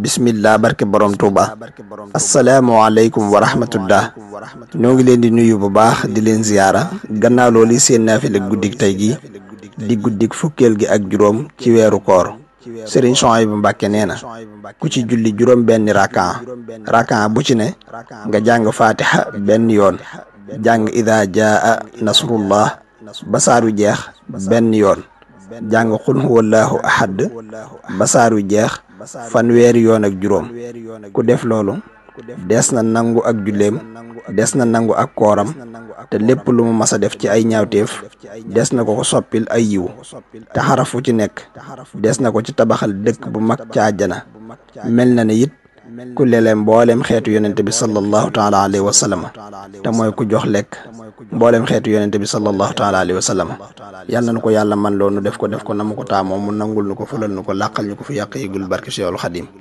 bismillah barke borom Touba asalaamaaleykum wa rahmatullah ñoo ngi leen di nuyu bu baax di leen ziyaara gannaaw looli seen naafile guddik tey gi di guddik fukkeel gi ak juróom ci weeru koor Serigne Souhaïbou Mbacké nee na ku ci julli juróom benni rakan rakan bu ci ne nga jàng fatiha benn yoon jàng ida jaa nasrullah basaaru jeex benn yoon jàng xul huwallahu ahad basaaru jeex fanweeri yoon ak juróom ku def loolu des na nangu ak julleem des na nangu ak kooram te lépp lu mu mas a def ci ay ñaawteef des na ko ko soppil ay yiw te xarafu ci nekk des na ko ci tabaxal dëkk bu mag ca àjjana mel na ne it ku lelee mbooleem xeetu yonente bi sallallahu taala alayhi wa sallam te mooy ku jox lekk mboolem xeetu yonente bi sallallahu taala alayhi wa sallam yal na ko yàlla man loo nu def ko def ko na mu ko taamoo mu nangul nu ko fulal nu ko làqal ñu ko fi yàq yigul barke Cheikhul Xadim